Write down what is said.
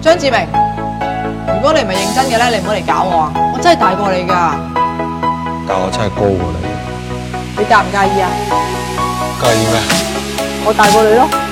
張志明，如果你唔係認真嘅咧，你唔好嚟搞我啊！我真係大過你噶，但我真係高過你，你介唔介意啊？介意咩？我大過你咯。